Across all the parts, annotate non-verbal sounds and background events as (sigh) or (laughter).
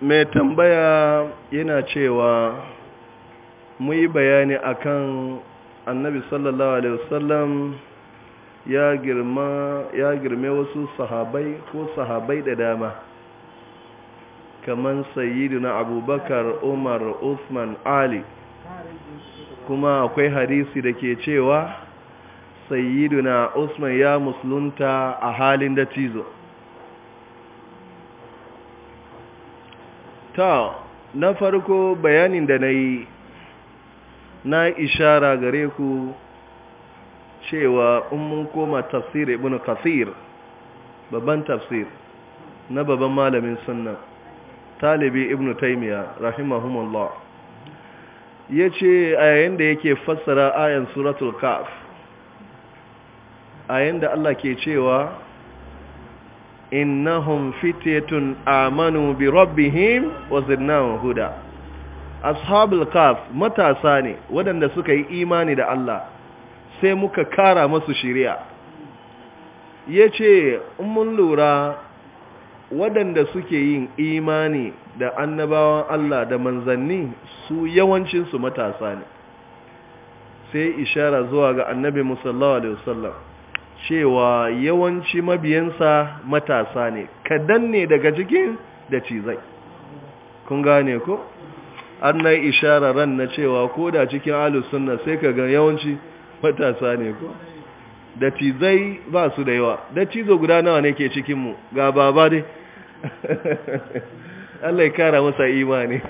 mai tambaya yana cewa mu yi bayani akan annabi sallallahu alaihi wasallam ya girma girme wasu sahabai ko sahabai da dama kaman sayyidina abubakar umar usman ali kuma akwai hadisi da ke cewa sayyidina usman ya musulunta a halin da tizo ta na farko bayanin da na yi na ishara gare ku cewa in mun koma tafsir ibn kasir babban tafsir na babban malamin sunna talibi ibn taimiya rahimahumullah ya ce a yayin da yake fassara ayan suratul kaf a yayin da Allah ke cewa innahum fityatun amanu bi rabbihim wa zidnahum huda ashabul kaf matasa ne waɗanda suka yi imani da Allah sai muka kara masu shari'a yace in mun lura waɗanda suke yin imani da annabawan Allah da manzanni su yawancinsu matasa ne sai ishara zuwa ga annabi musallahu alaihi wasallam cewa yawanci mabiyansa matasa ne kadan ne daga cikin da cizai kun gane ko an na ishara ran na cewa ko da cikin alusunna sai ka ga yawanci matasa ne ko da cizai ba su da yawa da cizo guda nawa ne ke cikinmu ga baba dai (laughs) Allah ya kara masa imani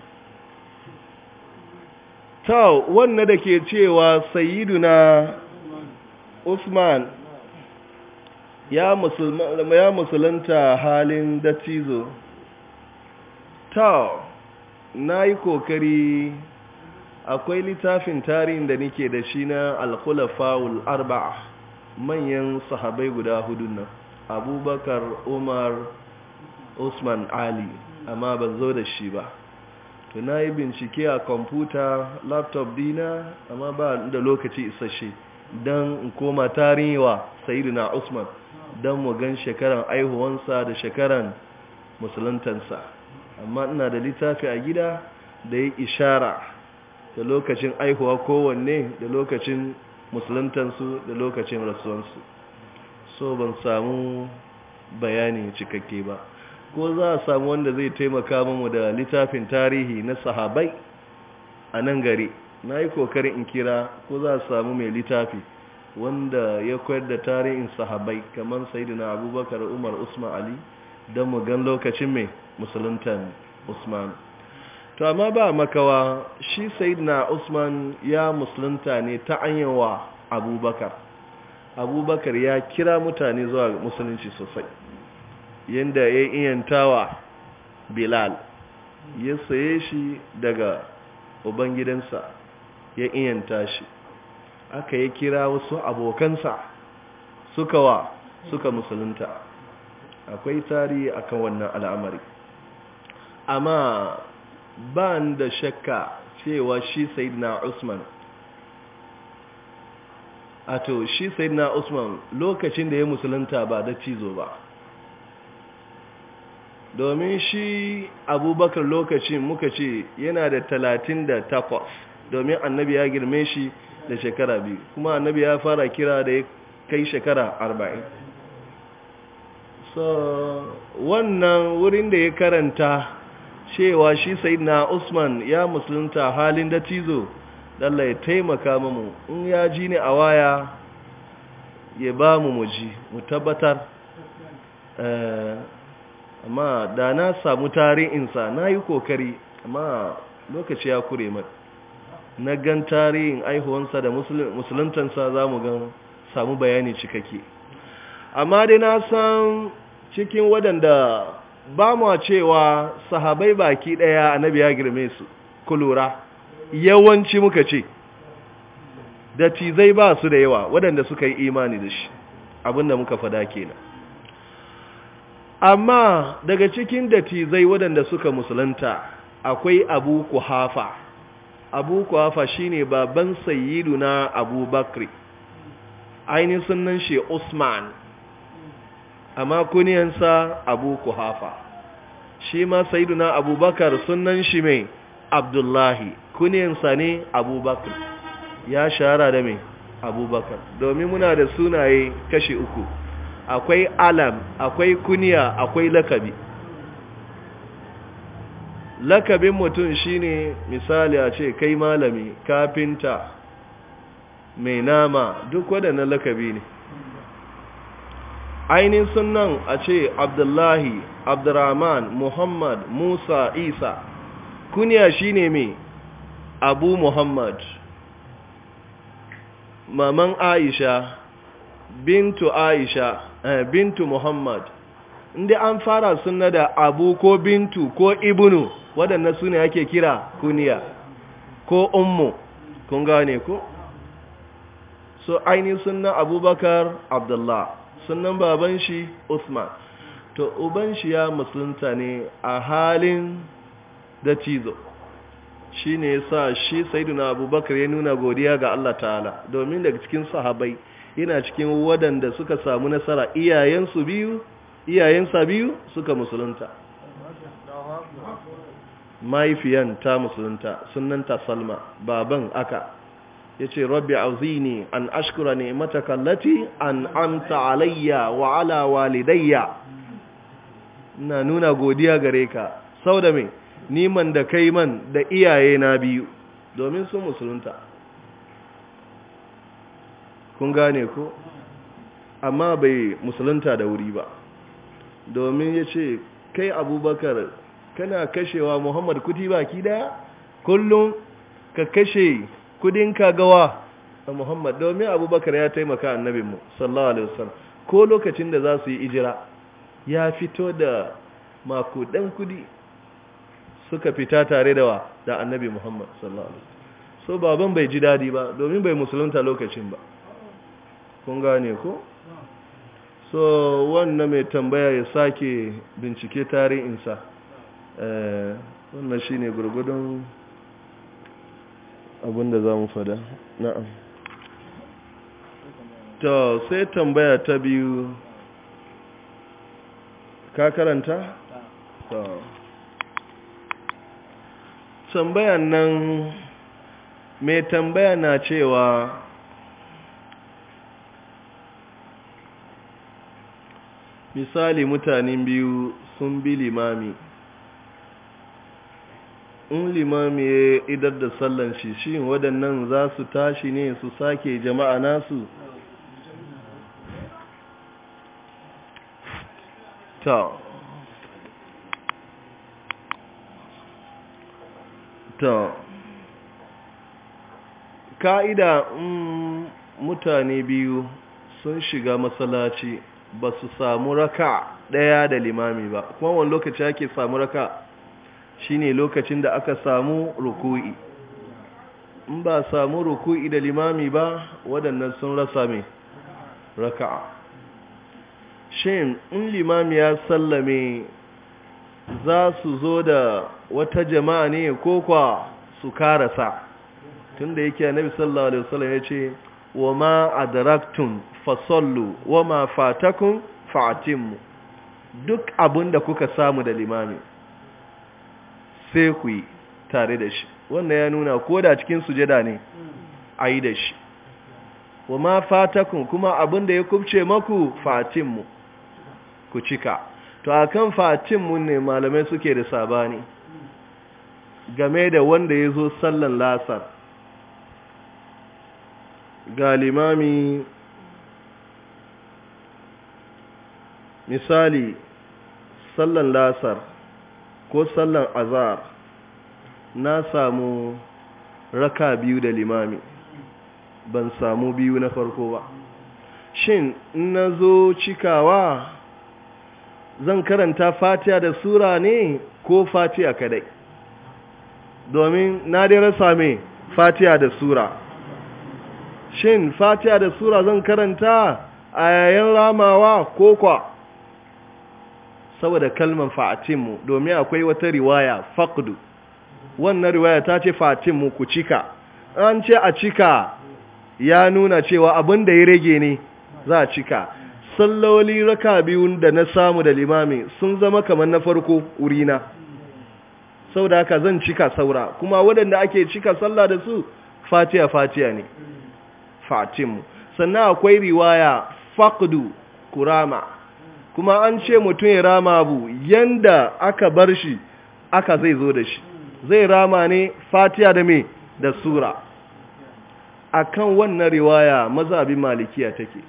(laughs) ta wannan da ke cewa sayiduna Usman ya musulunta halin dattizo ta na yi kokari akwai littafin tarihin da nike da shi na alkulafawul arba'a manyan sahabai guda hudun nan abubakar umar usman ali amma ban zo da shi ba to na bincike a kwamfuta laptop dina amma ba da lokaci isasshe don in koma tarihiwa sayidina usman don mu gan shekaran aihuwansa da shekaran musulantansa amma ina da littafi a gida da ya ishara da lokacin aihuwa kowanne da lokacin musulantansu da lokacin rasuwansu so ban samu bayani cikakke ba ko za a samu wanda zai taimaka mamu da littafin tarihi na sahabai a nan gari na yi kokarin in kira ko za a samu mai littafi wanda ya koyar da tarihin sahabai kamar sayidina abubakar umar usman ali don mu gan lokacin mai musuluntan usman to amma ba makawa shi sayidina usman ya musulunta ne ta anyawa abubakar abubakar ya kira mutane zuwa musulunci sosai yadda ya iyantawa bilal ya saye shi daga ubangidansa ya iyanta shi aka yi kira wasu abokansa suka wa suka musulunta akwai tarihi akan wannan al'amari amma ba da shakka cewa shi sayyidina usman a to shi sayyidina usman lokacin da ya musulunta ba da cizo ba domin shi abubakar lokacin muka ce yana da talatin da takwas domin annabi ya girme shi da shekara biyu kuma annabi ya fara kira da ya kai shekara arba'in so wannan wurin da ya karanta cewa shi sai na usman ya musulunta halin da cizo dalla ya taimaka mamu in ya ji ni a waya ya ba mu muji mu tabbatar eh, amma da na samu tarihinsa na yi kokari amma lokaci ya kure mata na gan tarihin aihuwansa da musuluntansa za mu gan samu bayani cikakke amma dai na san cikin waɗanda ba mu cewa sahabai baki ɗaya annabi ya girme su kulura yawanci muka ce da tizai ba su da yawa waɗanda suka yi imani da shi abinda muka fada kenan amma daga cikin da tizai waɗanda suka musulunta akwai abu ku hafa. abu shi shine baban abu abubakar ainihin sunan shi usman amma kuniyansa abu kwafa shi ma abu abubakar sunan shi mai abdullahi kuniyansa ne abubakar ya shahara da mai abubakar domin muna da sunaye kashi uku akwai alam akwai kuniya akwai lakabi lakabin mutum shine misali a ce kai malami kafinta mai nama duk waɗannan lakabi ne ainihin sunan a ce abdullahi abdurrahman muhammad musa isa kuniya shine mai abu muhammad maman aisha bintu aisha eh, bintu muhammad inda an fara suna da abu ko bintu ko ibnu waɗannan su ne ake kira kuniya ko ummu kun gane ko so aini sunan abubakar abdullah sunan baban shi usman to uban shi ya musulunta ne a halin da cizo shi ne sa shi saiduna abubakar ya nuna godiya ga allah ta'ala domin daga cikin sahabai yana cikin waɗanda suka samu nasara iyayensu biyu iyayensa biyu suka musulunta mahaifiyan ta musulunta sunanta salma baban aka ya ce rabbi auzini an ashkura ne matakallati an amta alayya wa ala walidayya na nuna godiya gare ka sau da mai niman da kai man da iyaye na biyu domin sun musulunta kun gane ko amma bai musulunta da wuri ba domin ya ce kai abubakar kana kashewa muhammad kudi baki daya kullum ka kashe kudin gawa a muhammad domin abubakar ya taimaka annabinmu sallallahu alaihi wasallam ko lokacin da za su yi ijira ya fito da makudan kudi suka fita tare da wa da annabi muhammad sallallahu alaihi wasallam so baban bai ji dadi ba domin bai musulunta lokacin ba kun gane ko so wannan mai tambaya ya sake bincike tarihinsa eh, wannan shi ne gurgudun abinda za mu fada na'am to sai tambaya ta biyu ka karanta? ta tambayan nan mai tambaya na cewa misali mutanen biyu sun bi limami in limami ya idar da sallan shi shi waɗannan za su tashi ne su sake jama'a nasu ta ta ka'ida mm, mutane biyu sun shiga masallaci ba su samu raka ɗaya da limami ba kuma wani lokaci ake samu raka shine lokacin da aka samu ruku'i in ba samu ruku'i da limami ba waɗannan sun rasa mai raka'a shin in limami ya sallame za su zo da wata jama'a ne ko kwa su karasa tun da yake annabi sallallahu alaihi wasallam ya ce wa ma fasallu wa ma fatakum duk abinda kuka samu da limami sai ku yi tare da shi wannan ya nuna ko da cikin sujada ne a yi da shi wa ma fatakun kuma abinda ya kubce maku fatimmu ku cika to a akan fatinmu ne malamai suke da sabani game da wanda ya zo sallan lasar ga limami misali sallan lasar ko sallan azar na samu raka biyu da limami ban samu biyu na farko ba shin na zo cikawa zan karanta fatiya da sura ne ko fatiya kadai domin na dai rasa mai fatiya da sura shin Fatiya da sura zan karanta a yayin ramawa ko kwa saboda kalmar fatimu domin akwai wata riwaya faqdu wannan riwaya ta ce fatimu ku cika an ce a cika ya nuna cewa abin da ya rage ne za a cika salloli raka biyun da na samu da limami sun zama kamar na farko urina da haka zan cika saura kuma waɗanda ake cika sallah da su fatiya fatiya ne fatim sannan akwai riwaya faqdu kurama kuma an ce mutum ya rama abu yanda aka bar shi aka zai zo da shi zai rama ne fatiya da me da sura akan wannan riwaya mazhabi malikiya take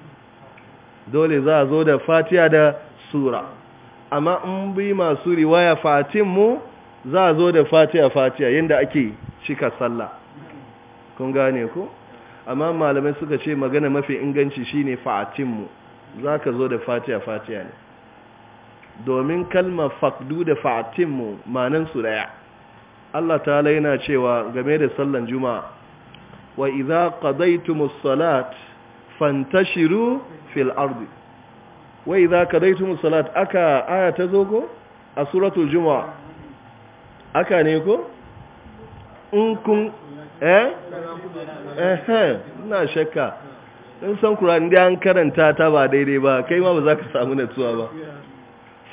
dole za a zo da fatiya da sura amma in bi masu riwaya fatim mu za a zo da fatiya fatiya yanda ake cika sallah kun gane ku. amma malamai suka ce magana mafi inganci shine fa'atinmu za ka zo da fatiya-fatiya ne domin kalma fakdu da fa'atinmu manansu daya Allah ta yana cewa game da sallan juma'a wa iza qadaytumus salat fantashiru fil ardi wa iza qadaytumus salat aka aya ta zo ko a suratul juma'a aka ne ko in kun eh na ina shakka in san Qur'ani dai an karanta ta ba daidai ba kai ma ba za ka samu natsuwa ba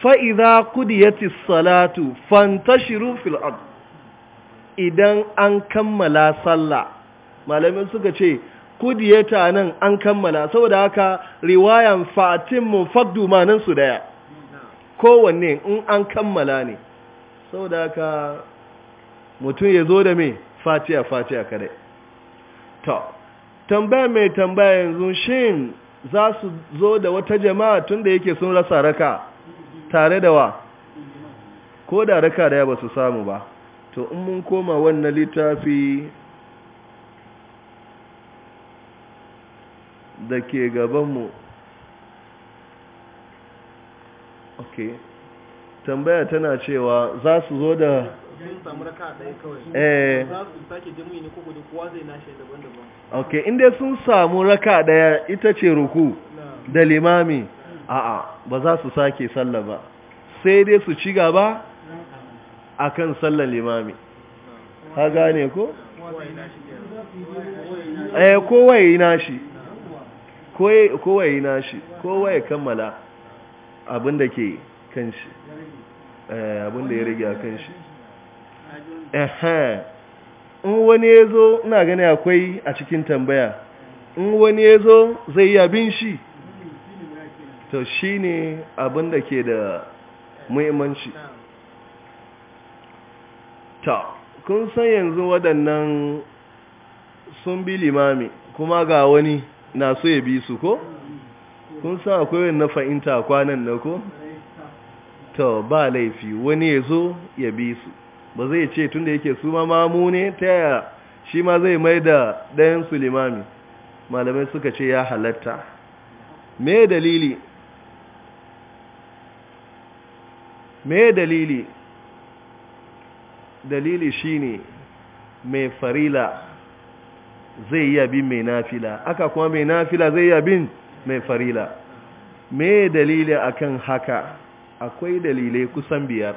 fa idza qudiyatis salatu fantashiru fil ard idan an kammala sallah malamin suka ce kudiyata nan an kammala saboda haka riwayan fatimmu faddu manan su daya kowanne in an kammala ne saboda haka mutum ya zo da me fatiya fatiya kare to tambaya mai tambaya yanzu shin za su zo da wata jama'a tun da yake sun rasa raka tare da wa ko da raka da ya ba su samu ba to in mun koma wannan littafi da ke gabanmu ok tambaya tana cewa za su zo da Eh. Okay, ok inda sun samu raka daya ita ce ruku da limami a'a ba za su sake sallah ba sai dai su ci gaba kan sallar limami ha gane ko eh yi nashi kowai yi nashi kowai ya kammala abinda ke kanshi, eh, abinda ya rage a kanshi. ehe in wani ya zo ina gani akwai a cikin tambaya in wani ya zo zai iya bin shi to shi ne abin da ke da muhimmanci ta kun san yanzu waɗannan sun bi limami kuma ga wani na so ya bi su ko kun san akwai wani na fahimta kwanan na ko to ba laifi wani ya zo ya bi su ba zai ce tun da yake su ma mamu ne ta yaya shi ma zai mai da ɗayan su limami malamai suka ce ya halatta me dalili me dalili dalili shine mai farila zai yi abin mai nafila aka kuma mai nafila zai yi abin mai farila me dalili akan haka akwai dalilai kusan biyar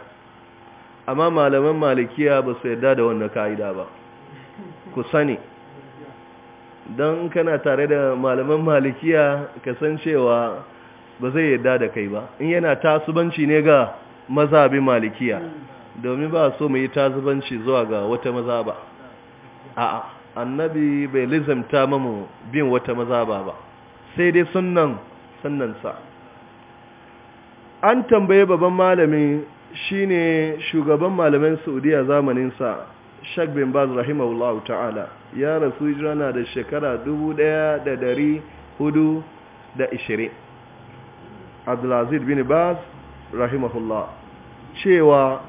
amma malaman malikiya ba su yarda da wannan ka'ida ba ku sani don kana tare da malaman malikiya kasancewa ba zai yarda da kai ba in yana tasubanci ne ga mazabin malikiya domin ba so mu yi tasubanci zuwa ga wata mazaba a'a annabi bai lizamta mamu bin wata mazaba ba sai dai sunnan sa. an tambaye babban malami Shi ne shugaban malaman saudiya zamaninsa shak bin baz rahimahullah ta'ala ya rasu jirana da shekara 1420 abdulaziz bin baz rahimahullah cewa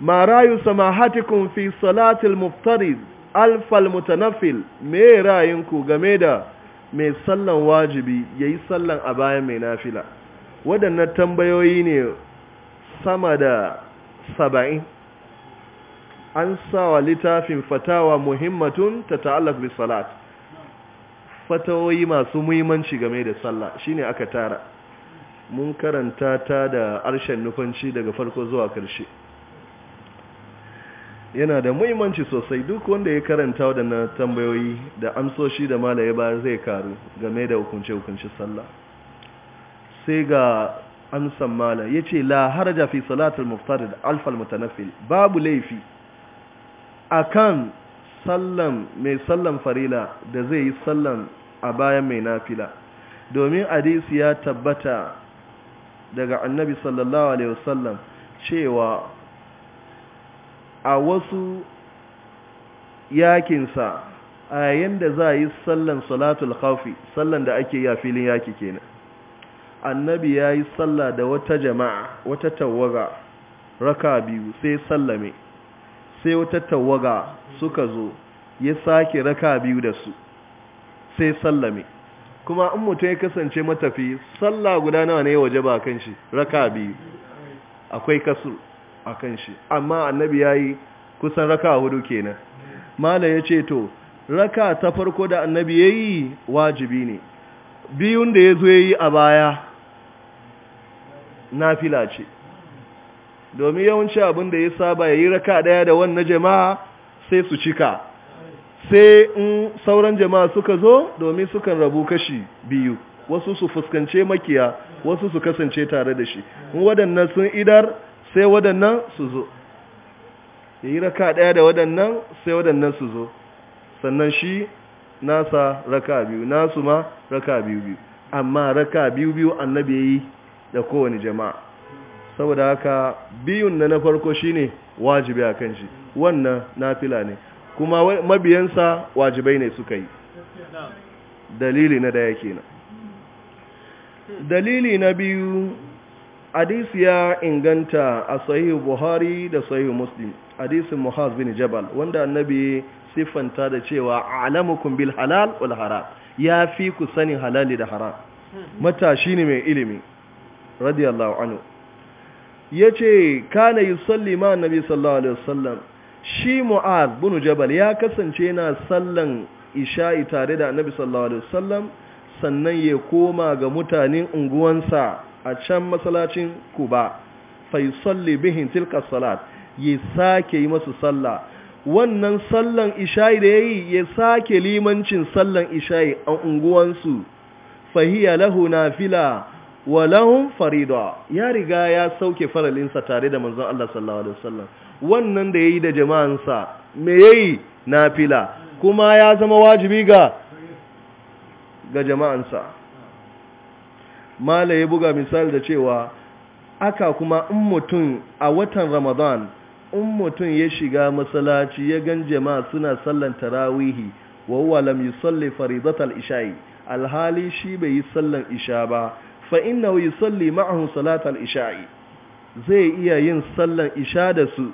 ma rayu samahatikum fi salatil muftariz alfal mutanafil me rayinku game da mai sallan wajibi ya yi sallan a bayan mai nafila waɗannan tambayoyi ne sama da saba'in an sawa littafin fatawa muhimmatun ta ta'allaf bi salat fatawoyi masu muhimmanci game da sallah shine aka tara mun karanta ta da harshen nufanci daga farko zuwa karshe yana da muhimmanci sosai duk wanda ya karanta na tambayoyi da amsoshi da malaye ba zai karu game da hukunce-hukunce sallah sai ga an mala ya ce la haraja fi salatul muftarid da alfal mutanafil babu laifi a kan sallan mai sallan farila da zai yi sallan a bayan mai nafila domin hadisi ya tabbata daga annabi sallallahu alaihi wasallam cewa a wasu yakinsa a yayin da za a yi sallan salatul khawfi sallan da ake yi a filin yaki kenan annabi ya yi sallah da wata jama'a wata tawaga raka biyu sai sallame sai wata tawaga suka zo ya sake raka biyu da su sai sallame kuma an mutum ya kasance matafi sallah guda nawa ne waje ba kan shi raka biyu akwai kasu a kan shi amma annabi ya yi kusan raka hudu kenan mala ya ce to raka ta farko da annabi ya yi wajibi ne biyun da ya zo ya yi a baya nafila ce domin yawanci abin da ya saba ya yi raka daya da wannan jama'a sai su cika sai in sauran jama'a suka zo domin sukan rabu kashi biyu wasu su fuskance makiya wasu su kasance tare da shi in waɗannan sun idar sai waɗannan su zo ya yi raka daya da waɗannan sai waɗannan su zo sannan shi nasa raka biyu nasu ma raka biyu biyu amma raka biyu biyu annabi ya yi da kowane jama'a saboda haka biyun na na farko shine wajibi a kan shi wannan nafila ne kuma mabiyansa wajibai ne suka yi dalili na daya kenan dalili na biyu hadisi ya inganta a sahihu buhari da sahihu muslim hadisin muhaz bin jabal wanda annabi siffanta da cewa alamukum bil halal wal haram ya fi ku sani halali da haram matashi ne mai ilimi radiyallahu anhu ya ce kana yi salli ma nabi sallallahu alaihi wasallam shi mu'az bin jabal ya kasance na sallan isha'i tare da nabi sallallahu alaihi wasallam sannan ya koma ga mutanen unguwansa a can masallacin kuba fai salli bihin tilka salat ya sake yi masu sallah wannan sallan isha'i da ya yi ya sake limancin sallan isha'i a unguwansu fahiya lahu nafila fila walahum farida ya riga ya sauke faralinsa tare da manzon Allah sallallahu alaihi wasallam wannan da yayi da jama'ansa me yayi fila kuma ya zama wajibi ga ga jama'ansa mala ya buga misali da cewa aka kuma in mutum a watan Ramadan in mutum ya shiga masallaci ya gan jama'a suna sallan tarawihi wa huwa lam yusalli faridatal isha'i alhali shi bai yi sallan isha ba fa wa yusalli ma'ahu salatal isha'i zai iya yin sallan isha da su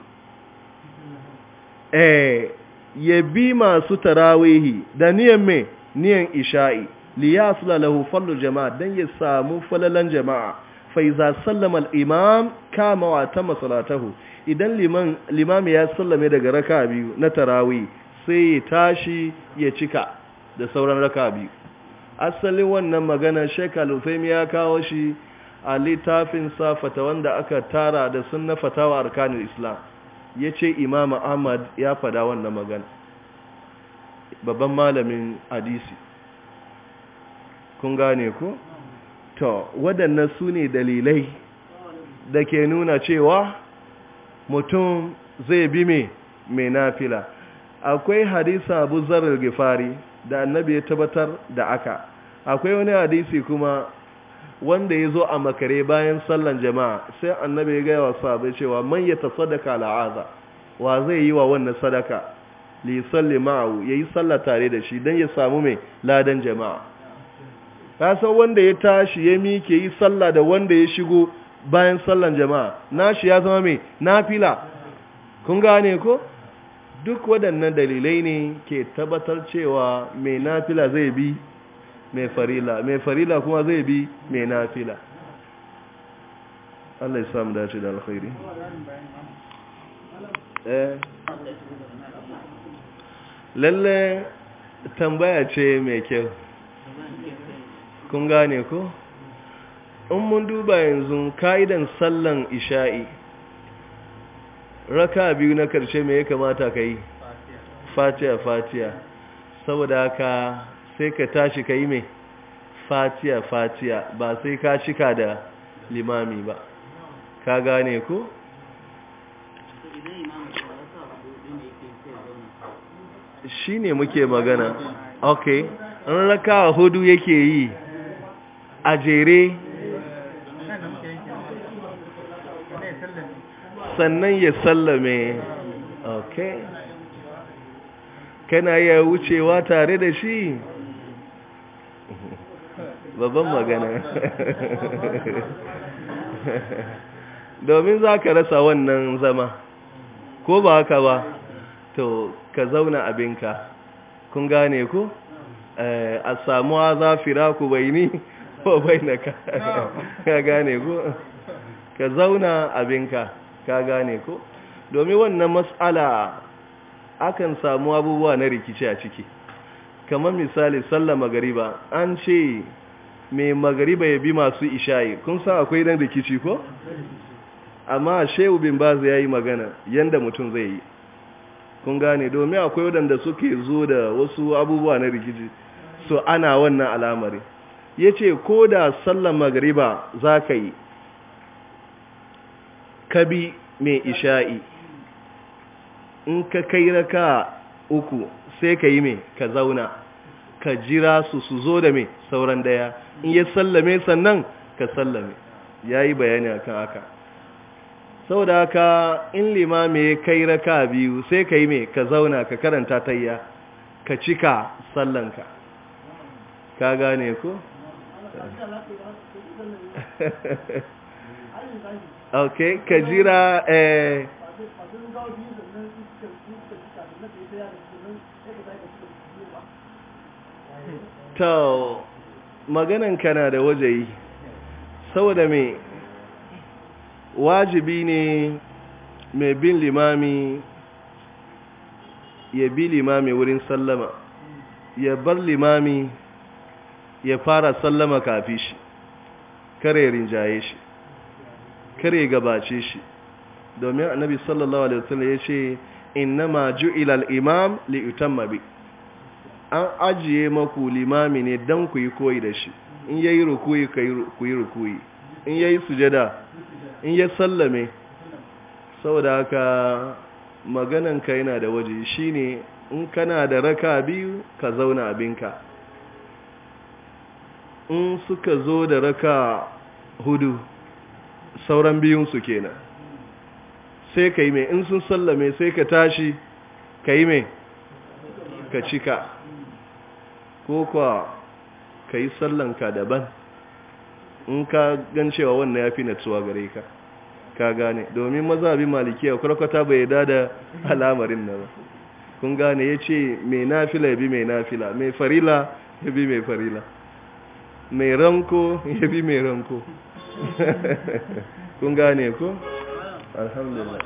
eh ya bi masu tarawihi da niyan me niyan isha'i li yasla lahu fallu jama'a dan ya samu falalan jama'a fa iza sallama al-imam kama wa tamma salatahu idan liman limami ya sallame daga raka biyu na tarawih sai ya tashi ya cika da sauran raka biyu asali wannan magana shekalu lufem ya kawo shi a littafin safata wanda aka tara da suna fatawa arkanin islam ya ce imam ahmad ya fada wannan magana babban malamin hadisi kun gane ku? to waɗannan su ne dalilai da ke nuna cewa mutum zai bi mai nafila akwai hadisa abu zarar gifari da annabi ya tabbatar da aka akwai wani hadisi kuma wanda ya zo a makare bayan sallan jama'a sai annabi ya gaya wa sahabai cewa man ya sadaka la'aza wa zai yi wa wannan sadaka li salli ma'u yayi sallah tare da shi dan ya samu mai ladan jama'a ka san wanda ya tashi ya mike yi sallah da wanda ya shigo bayan sallan jama'a nashi ya zama mai nafila kun gane ko duk waɗannan dalilai ne ke tabbatar cewa mai nafila zai bi mai farila mai farila kuma zai bi mai nafila Allah ya samu dace da alkhairi eh. lalle tambaya ce mai kyau kun gane ko in mun duba yanzu ka'idan sallan isha'i raka biyu na karshe me ya kamata ka yi fatiya fatiya saboda haka sai ka tashi ka yi mai fatiya fatiya ba sai ka shika da limami ba ka gane ko shi ne muke magana ok an raka hudu yake yi a jere sannan ya sallame ok kana ya wucewa tare da shi (laughs) babban magana (laughs) domin za ka rasa wannan zama ko ba haka ba to ka zauna abinka kun gane ku eh, a samuwa za fira ku bai ni (laughs) ko bai na ka gane ku ka zauna abinka ka gane ko domin wannan matsala akan samu abubuwa na rikici a ciki kamar misali sallar magariba an ce mai magariba ya bi masu ishayi. kun san akwai dan rikici ko amma shehu bin baz ya yi magana yanda mutum zai yi kun gane domin akwai wadanda suke zo da wasu abubuwa na rikici so ana wannan al'amari Ya ce ko da sallar magariba za ka yi ka bi mai isha'i in ka kai raka uku sai ka yi mai ka zauna ka jira su su zo da mai sauran daya in ya sallame sannan ka sallame ya yi bayani akan haka sau da haka in limami ya kai raka biyu sai ka yi mai ka zauna ka karanta tayya ka cika sallanka ka gane ku. (laughs) ok ka jira eh ta maganan kana da wajayi saboda me wajibi ne mai bin limami ya bi limami wurin sallama ya bar limami ya fara sallama kafi shi kare rinjaye shi kare gabace shi domin annabi sallallahu alaihi wasallam ya ce innama ju'ila al-imam li yutamma bi an ajiye maku limami ne dan ku yi koyi da shi in yayi rukuyi ku yi rukuyi in yayi sujada in ya sallame saboda haka maganan ka yana da waje shine in kana da raka biyu ka zauna abinka in suka zo da raka hudu sauran biyunsu kenan sai ka yi mai in sun sallame sai ka tashi ka yi mai ka cika ko kwa ka yi sallanka daban in ka gan cewa wannan ya fi natsuwa gare ka ka gane domin bi malikiya kwarkwata bai da da al'amarin nan kun gane ya ce mai nafila ya bi mai nafila mai farila ya bi mai farila mai ranko ya bi mai ranko (laughs) kun gane ko alhamdulillah